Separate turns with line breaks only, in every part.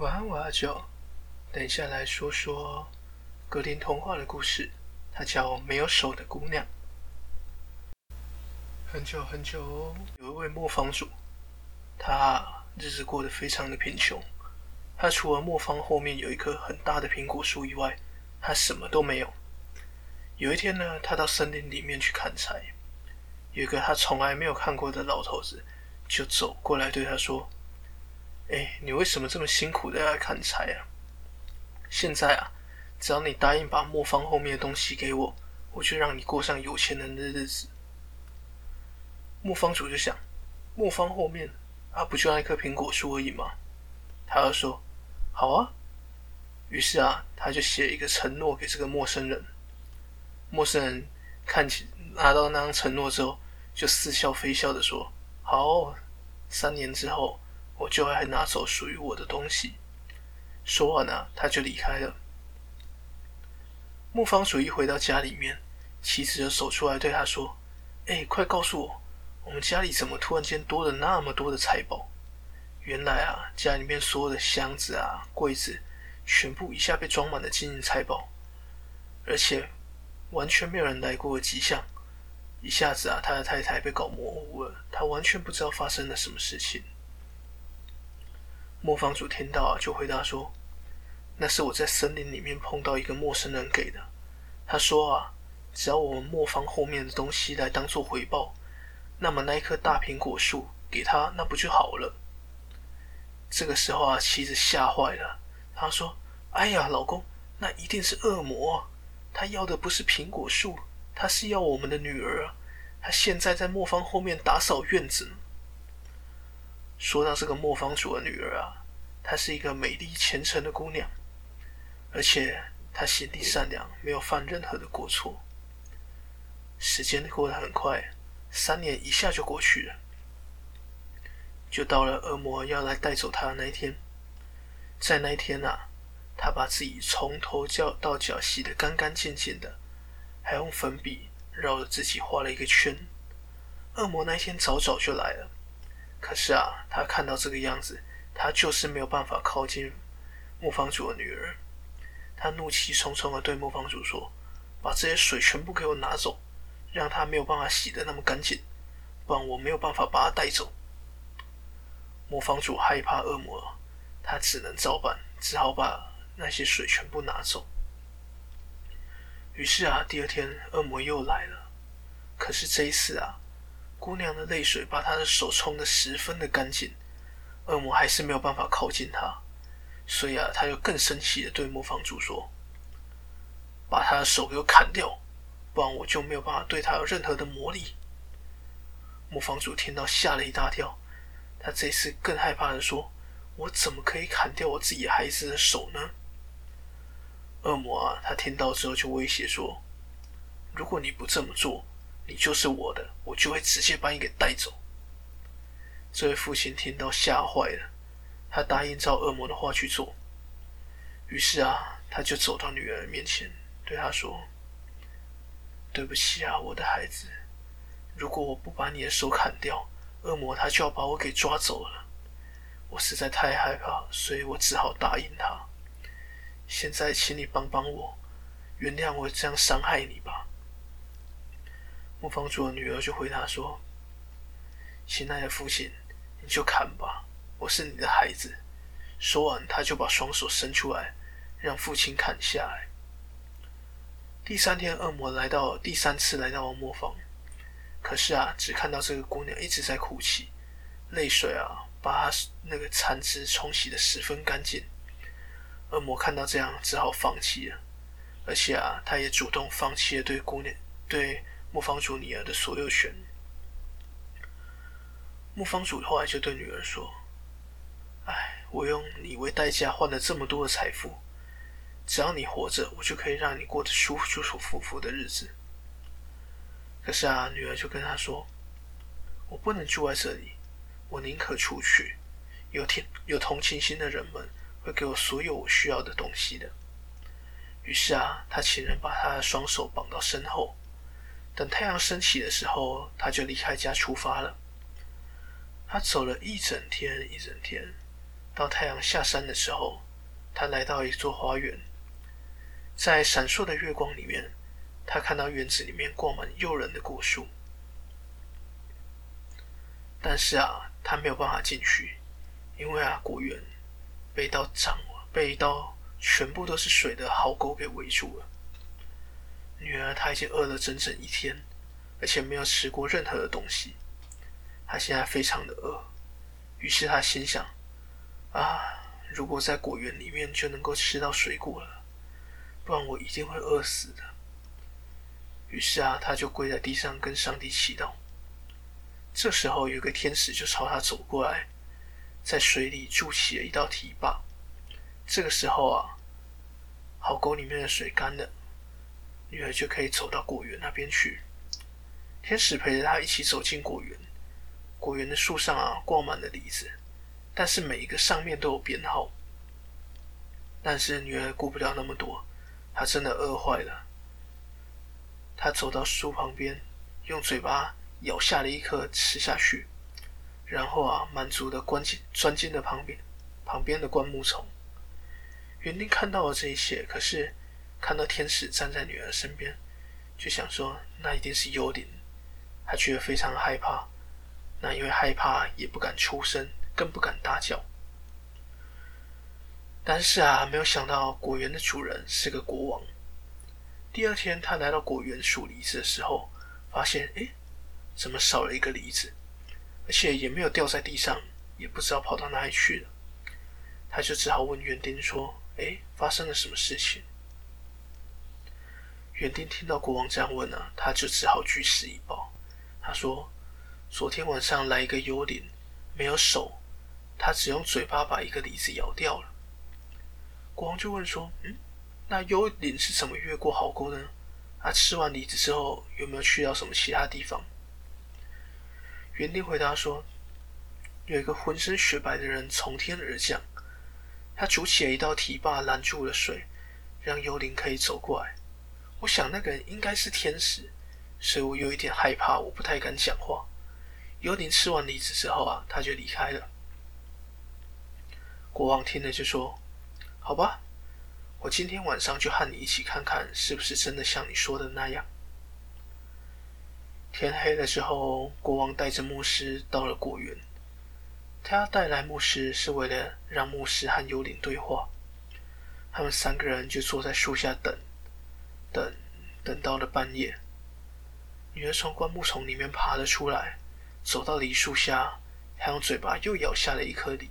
晚安，我阿九、啊，等一下來說說格林童話的故事，它叫《沒有手的姑娘》。很久很久、哦、有一位磨坊主，他日子過得非常的貧窮。他除了磨坊後面有一棵很大的蘋果樹以外，他什麼都沒有。有一天呢，他到森林裡面去砍柴，有一個他從來沒有看過的老頭子就走過來對他說。哎、欸，你為什麼這麼辛苦的要來砍柴啊？現在啊，只要你答應把磨坊後面的東西給我，我就讓你過上有錢人的日子。磨坊主就想，磨坊後面啊，不就那棵蘋果樹而已嗎？他就說，好啊，於是啊，他就寫一個承諾給這個陌生人。陌生人看起拿到那張承諾之後，就似笑非笑的說：“好、哦，三年之後。”我就還拿走屬於我的東西。說完呢、啊，他就離開了。磨坊主一回到家裡面，妻子就走出來對他說：“哎、欸，快告訴我，我們家裡怎麼突然間多了那麼多的財寶？原來啊，家裡面所有的箱子啊、櫃子，全部一下被裝滿了金銀財寶，而且完全沒有人來過的跡象。一下子啊，他的太太被搞模糊了，他完全不知道發生了什麼事情。”磨坊主聽到啊，就回答說：“那是我在森林裡面碰到一個陌生人給的。他說啊，只要我們磨坊後面的東西來當做回報，那麼那一棵大蘋果樹給他，那不就好了？”這個時候啊，妻子嚇壞了，她說：“哎呀，老公，那一定是惡魔啊！他要的不是蘋果樹，他是要我們的女兒啊！他現在在磨坊後面打掃院子。”說到這個磨坊主的女兒啊，她是一個美麗虔誠的姑娘，而且她心地善良，沒有犯任何的過錯。時間過得很快，三年一下就過去了，就到了惡魔要來帶走她的那一天。在那一天啊，她把自己從頭叫到腳洗得干干淨淨的，還用粉筆繞着自己畫了一個圈。惡魔那天早早就來了。可是啊，他看到這個樣子，他就是沒有辦法靠近磨坊主的女兒。他怒氣沖沖的對磨坊主說：“把這些水全部給我拿走，讓他沒有辦法洗得那麼乾淨，不然我沒有辦法把他帶走。”磨坊主害怕惡魔，他只能照辦，只好把那些水全部拿走。於是啊，第二天惡魔又來了。可是這一次啊。姑娘的淚水把她的手沖得十分的乾淨，惡魔還是沒有辦法靠近她，所以啊，他就更生氣的對磨坊主說：“把他的手給我砍掉，不然我就沒有辦法對他有任何的魔力。”磨坊主聽到嚇了一大跳，他這次更害怕的說：“我怎麼可以砍掉我自己孩子的手呢？”惡魔啊，他聽到之後就威脅說：“如果你不這麼做，”你就是我的，我就會直接把你給帶走。這位父親聽到嚇壞了，他答應照惡魔的話去做。於是啊，他就走到女兒面前，對她說：“對不起啊，我的孩子，如果我不把你的手砍掉，惡魔他就要把我給抓走了。我實在太害怕，所以我只好答應他。現在，請你幫幫我，原諒我這樣傷害你吧。”磨坊主的女兒就回答說：“親愛的父親，你就砍吧，我是你的孩子。”說完，他就把雙手伸出來，讓父親砍下來。第三天，惡魔來到第三次來到磨坊，可是啊，只看到這個姑娘一直在哭泣，淚水啊，把那個殘肢沖洗得十分乾淨。惡魔看到這樣，只好放棄了，而且啊，他也主動放棄了對姑娘對。磨坊主女兒的所有權。磨坊主後來就對女兒說：“哎，我用你為代價換了這麼多的財富，只要你活着，我就可以讓你過得舒舒舒服服的日子。”可是啊，女兒就跟他說：“我不能住在這裡，我寧可出去。有天有同情心的人們會給我所有我需要的東西的。”於是啊，他請人把他的雙手綁到身後。等太陽升起的時候，他就離開家出發了。他走了一整天一整天，到太陽下山的時候，他來到一座花園。在閃爍的月光裡面，他看到園子裡面掛滿誘人的果樹。但是啊，他沒有辦法進去，因為啊，果園被一道長、被一道全部都是水的壕溝給圍住了。女兒她已經餓了整整一天，而且沒有吃過任何的東西。她現在非常的餓，於是她心想：啊，如果在果園裡面就能夠吃到水果了，不然我一定會餓死的。於是啊，她就跪在地上跟上帝祈禱。這時候，有個天使就朝她走過來，在水裡築起了一道堤壩。這個時候啊，壕溝裡面的水乾了。女兒就可以走到果園那邊去。天使陪着她一起走進果園。果園的樹上啊，掛滿了梨子，但是每一個上面都有編號。但是女兒顧不了那麼多，她真的餓壞了。她走到樹旁邊，用嘴巴咬下了一顆吃下去，然後啊，滿足的鑽進鑽進了旁邊，旁邊的灌木叢。園丁看到了這一切，可是。看到天使站在女兒身邊，就想說那一定是幽靈，他覺得非常的害怕，那因為害怕也不敢出聲，更不敢大叫。但是啊，沒有想到果園的主人是個國王。第二天，他來到果園數梨子的時候，發現哎、欸，怎麼少了一個梨子，而且也沒有掉在地上，也不知道跑到哪裡去了。他就只好問園丁說：“哎、欸，發生了什麼事情？”園丁聽到國王這樣問呢、啊，他就只好據實以報。他說：“昨天晚上來一個幽靈，沒有手，他只用嘴巴把一個梨子咬掉了。”國王就問說：“嗯，那幽靈是怎麼越過壕溝呢？他、啊、吃完梨子之後，有沒有去到什麼其他地方？”園丁回答說：“有一個渾身雪白的人從天而降，他舉起了一道堤壩，攔住了水，讓幽靈可以走過來。”我想那個人應該是天使，所以我有一點害怕，我不太敢講話。幽靈吃完梨子之後啊，他就離開了。國王聽了就說：“好吧，我今天晚上就和你一起看看，是不是真的像你說的那樣。”天黑了之後，國王帶着牧師到了果園。他要帶來牧師，是為了讓牧師和幽靈對話。他們三個人就坐在樹下等。等，等到了半夜，女兒從灌木叢裡面爬了出來，走到梨樹下，還用嘴巴又咬下了一顆梨。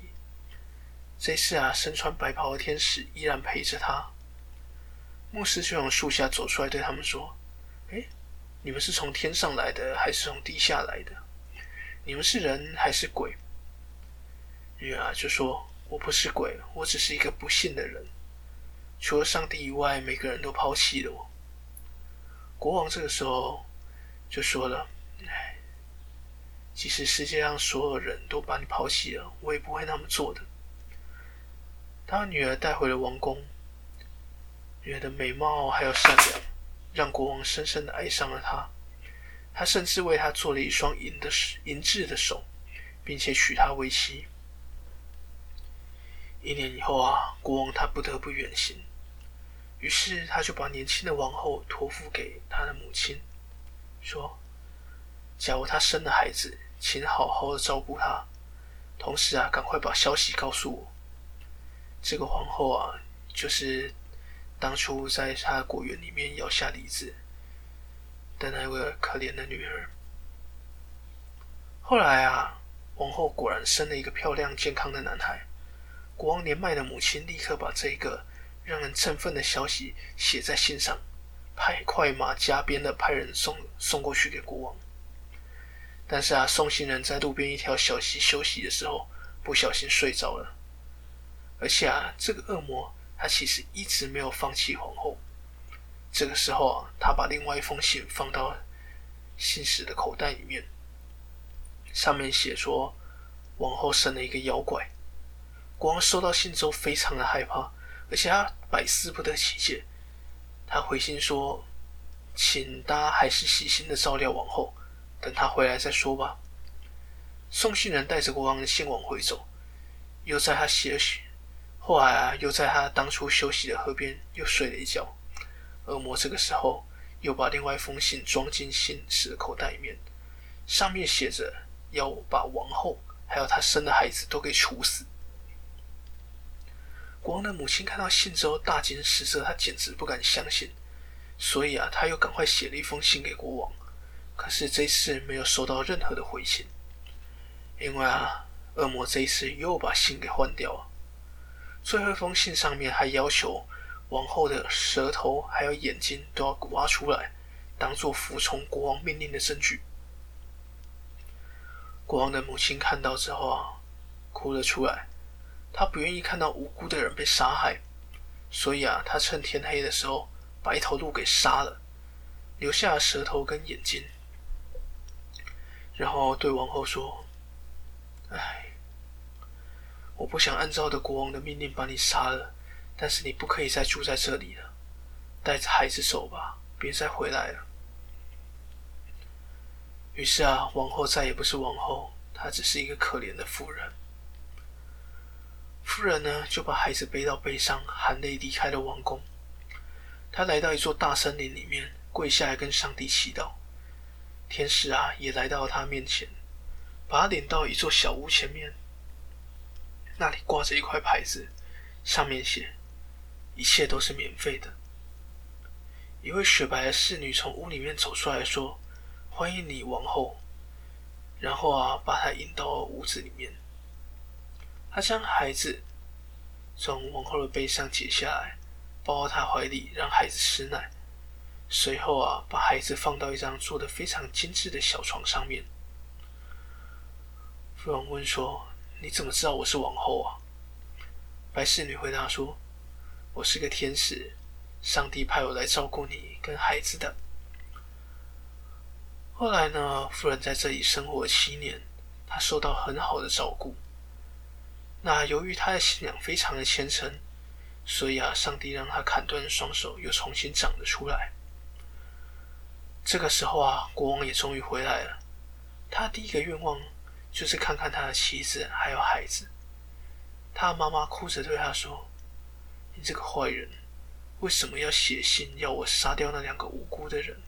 這次啊，身穿白袍的天使依然陪着她。牧師就從樹下走出來，對他們說：“哎、欸，你們是從天上來的還是從地下來的？你們是人還是鬼？”女兒、啊、就說：“我不是鬼，我只是一個不幸的人。”除了上帝以外，每個人都拋棄了我。國王這個時候就說了：“哎，即使世界上所有人都把你拋棄了，我也不會那麼做的。”他把女兒帶回了王宮，女兒的美貌還有善良，讓國王深深的愛上了她。他甚至為她做了一雙銀的銀製的手，並且娶她為妻。一年以後啊，國王他不得不遠行。於是，他就把年輕的王后托付給他的母親，說：“假如她生了孩子，請好好的照顧她，同時啊，趕快把消息告訴我。”這個皇後啊，就是當初在她的果園裡面咬下李子，的那位可憐的女兒。後來啊，王后果然生了一個漂亮健康的男孩。國王年邁的母親立刻把這個。讓人振奮的消息寫在信上，派快馬加鞭的派人送送過去給國王。但是啊，送信人在路邊一條小溪休息的時候，不小心睡着了。而且啊，這個惡魔他其實一直沒有放棄皇後。這個時候啊，他把另外一封信放到信使的口袋裡面，上面寫說皇后生了一個妖怪。國王收到信之後，非常的害怕。而且他百思不得其解，他回信說：“請他還是細心的照料王後，等他回來再說吧。”送信人帶着國王的信往回走，又在他歇息，後來啊又在他當初休息的河邊又睡了一覺。惡魔這個時候又把另外一封信裝進信使的口袋裡面，上面寫着要把王后還有他生的孩子都給處死。國王的母親看到信之後大驚失色，她簡直不敢相信。所以啊，她又趕快寫了一封信給國王。可是這一次沒有收到任何的回信，因為啊，惡魔這一次又把信給換掉了。最後一封信上面還要求王後的舌頭還有眼睛都要挖出來，當做服從國王命令的證據。國王的母親看到之後啊，哭了出來。他不願意看到無辜的人被殺害，所以啊，他趁天黑的時候把一頭鹿給殺了，留下了舌頭跟眼睛，然後對王后說：“哎，我不想按照的國王的命令把你殺了，但是你不可以再住在這裡了，帶着孩子走吧，別再回來了。”於是啊，王后再也不是王後，她只是一個可憐的婦人。夫人呢，就把孩子背到背上，含淚離開了王宮。她來到一座大森林裡面，跪下來跟上帝祈禱。天使啊，也來到了她面前，把她領到一座小屋前面。那裡掛着一塊牌子，上面寫：“一切都是免費的。”一位雪白的侍女從屋裡面走出來說：“歡迎你，王後。”然後啊，把她引到屋子裡面。他將孩子從王後的背上解下來，抱到她懷裡讓孩子吃奶。隨後啊，把孩子放到一張做得非常精緻的小床上面。夫人問說：“你怎麼知道我是王后啊？”白侍女回答說：“我是個天使，上帝派我來照顧你跟孩子的。”後來呢，夫人在這裡生活了七年，她受到很好的照顧。那由於他的信仰非常的虔誠，所以啊，上帝讓他砍斷雙手又重新長了出來。這個時候啊，國王也終於回來了。他第一個願望就是看看他的妻子還有孩子。他媽媽哭着對他說：“你這個壞人，為什麼要寫信要我殺掉那兩個無辜的人？”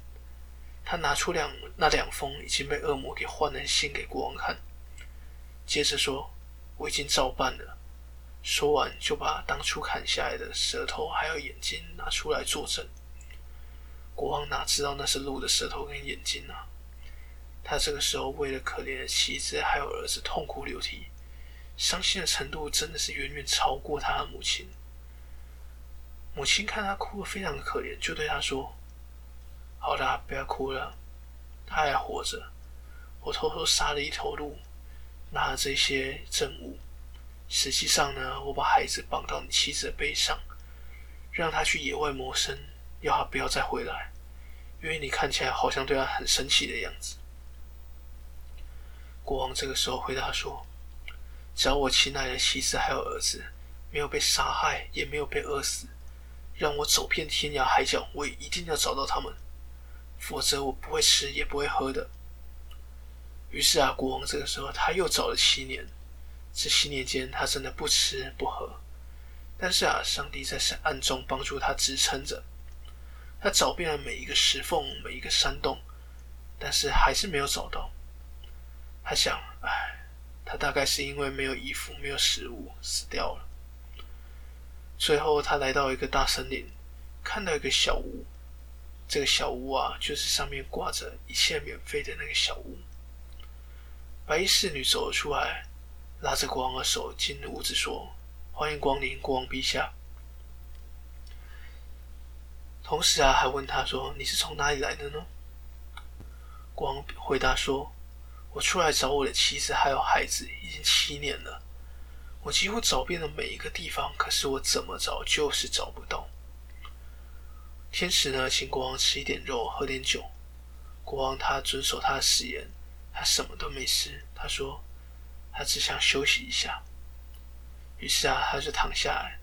他拿出兩，那兩封已經被惡魔給換了的信給國王看，接着說。我已經照辦了。說完，就把當初砍下來的舌頭還有眼睛拿出來作證。國王哪知道那是鹿的舌頭跟眼睛啊！他這個時候為了可憐的妻子還有兒子痛哭流涕，傷心的程度真的是遠遠超過他的母親。母親看他哭的非常的可憐，就對他說：“好了啊，不要哭了，他還活着。我偷偷殺了一頭鹿。”那這些證物，實際上呢，我把孩子綁到你妻子的背上，讓他去野外謀生，要他不要再回來，因為你看起來好像對他很生氣的樣子。國王這個時候回答說：“只要我親愛的妻子還有兒子沒有被殺害，也沒有被餓死，讓我走遍天涯海角，我也一定要找到他們，否則我不會吃也不會喝的。”於是啊，國王這個時候他又找了七年，這七年間他真的不吃不喝，但是啊，上帝在暗中幫助他支撐着。他找遍了每一個石縫、每一個山洞，但是還是沒有找到。他想，哎，他大概是因為沒有衣服、沒有食物死掉了。最後，他來到一個大森林，看到一個小屋，這個小屋啊，就是上面掛着一切免費的那個小屋。白衣侍女走了出來，拉着國王的手進屋子說：“歡迎光臨，國王陛下。”同時啊，還問他說：“你是從哪裡來的呢？”國王回答說：“我出來找我的妻子還有孩子，已經七年了。我幾乎找遍了每一個地方，可是我怎麼找就是找不到。”天使呢，請國王吃一點肉，喝點酒。國王他遵守他的誓言。他什麼都沒吃，他說：“他只想休息一下。”於是啊，他就躺下來，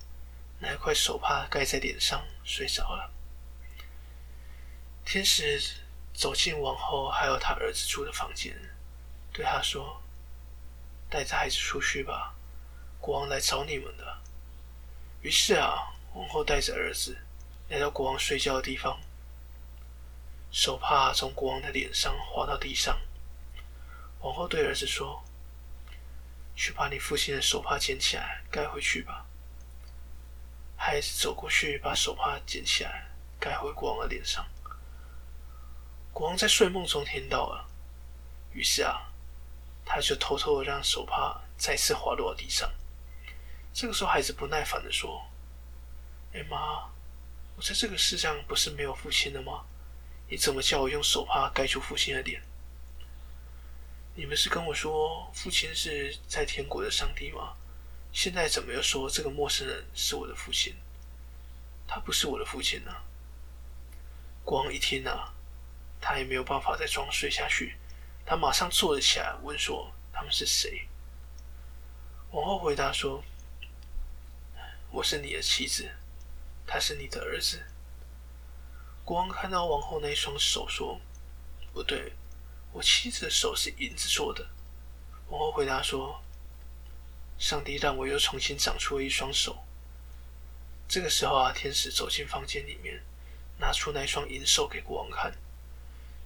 拿一塊手帕蓋在臉上，睡着了。天使走進王后還有她兒子住的房間，對他說：“帶着孩子出去吧，國王來找你們了。”於是啊，王后帶着兒子來到國王睡覺的地方，手帕從國王的臉上滑到地上。王后對兒子說：“去把你父親的手帕撿起來，蓋回去吧。”孩子走過去，把手帕撿起來，蓋回國王的臉上。國王在睡夢中聽到了，於是啊，他就偷偷的讓手帕再次滑落到地上。這個時候，孩子不耐煩的說：“哎媽，我在這個世上不是沒有父親了嗎？你怎麼叫我用手帕蓋住父親的臉？”你們是跟我說，父親是在天國的上帝嗎？現在怎麼又說這個陌生人是我的父親？他不是我的父親呢、啊。國王一聽呢、啊，他也沒有辦法再裝睡下去，他馬上坐了起來，問說：“他們是誰？”王后回答說：“我是你的妻子，他是你的兒子。”國王看到王后那雙手，說：“不對。”我妻子的手是銀子做的。王后回答說：“上帝讓我又重新長出了一雙手。”這個時候啊，天使走進房間裡面，拿出那雙銀手給國王看。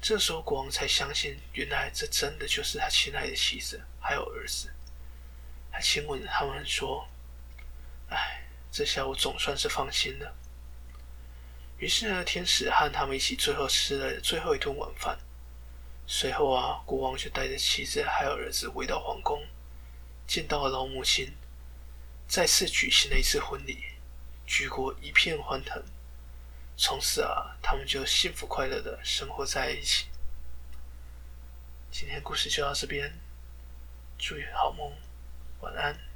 這個時候，國王才相信，原來這真的就是他親愛的妻子，還有兒子。他親吻他們說：“哎，這下我總算是放心了。”於是呢，天使和他們一起最後吃了最後一頓晚飯。隨後啊，國王就帶着妻子還有兒子回到皇宮，見到了老母親，再次舉行了一次婚禮，舉國一片歡騰。從此啊，他們就幸福快樂的生活在一起。今天故事就到這邊，祝你好夢，晚安。